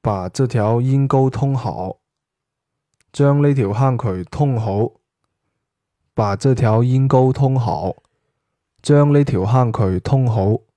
把這條陰溝通好，將呢條坑渠通好，把這條陰溝通好，將呢條坑渠通好。